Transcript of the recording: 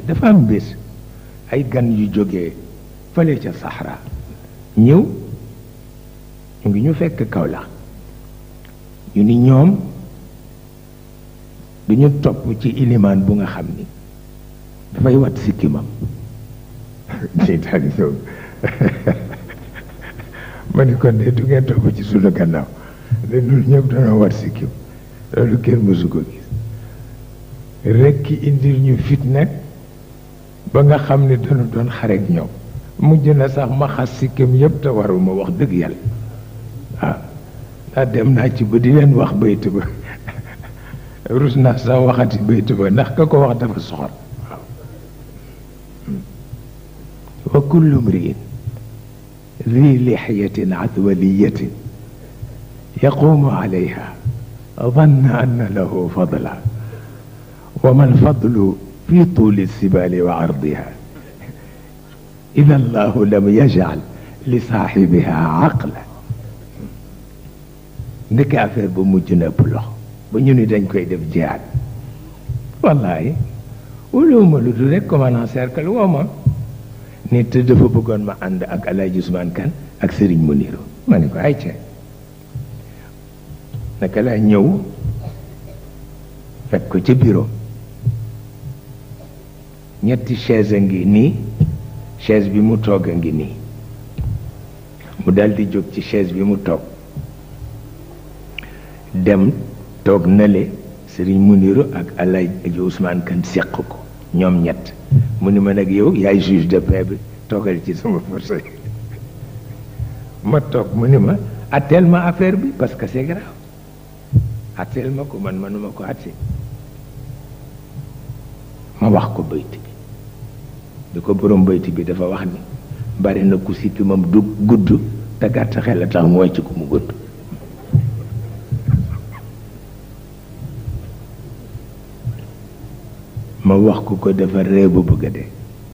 dafa am bés ay gan yu jógee fale ca Saxara ñëw ñu ngi ñu fekk Kaolack ñu ni ñoom duñu topp ci ilimaan bu nga xam ni dafay wat sikkimam nii daal ma ni kon de du topp ci sunu gannaaw de dul ñëpp danoo wat sikkim loolu kenn mësu ko gis rekk indil ñu fitna ba nga xam ne dañu doon xareeg ñoom mujj na sax ma xas sikkam yëpp te waruma wax dëgg yàlla waaw ndax dem naa ci ba di leen wax baytu ba rus naa sax waxati baytu ba ndax ka ko wax dafa soxor waaw wa kullu mriin ذي لحية عذولية يقوم عليها ظن أن له فضلا وما الفضل في طول السبال وعرضها إذا الله لم يجعل لصاحبها عقلا ديك افير بو موجنا بلوخ بو ني ني دنج كاي ديف جيات والله ولوم لو دو ريك كومانا سيركل ووما نيت ديف بوغون ما اند اك الله جسمان كان اك سيرين منيرو مانيكو اي تي نكلا نيو فك كو تي بيرو ñetti chaise a ngi nii chaise bi mu toog a ngi nii mu daldi jóg ci chaise bi mu toog dem toog nale sëriñ Muniru ak alaaj aji Ousmane Kan seq ko ñoom ñett mu ni ma nag yow yaay juge de paix bi toogal ci sama force ma toog mu ni ma atteel ma affaire bi parce que c'est grave atteel ma ko man manuma ko atte ma wax ko bayte di ko borom bayti bi dafa wax ni bari na ku sippi moom du gudd te gàtt xel a tax mu wàcc ko mu gudd ma wax ko ko dafa ree ba bëgg dee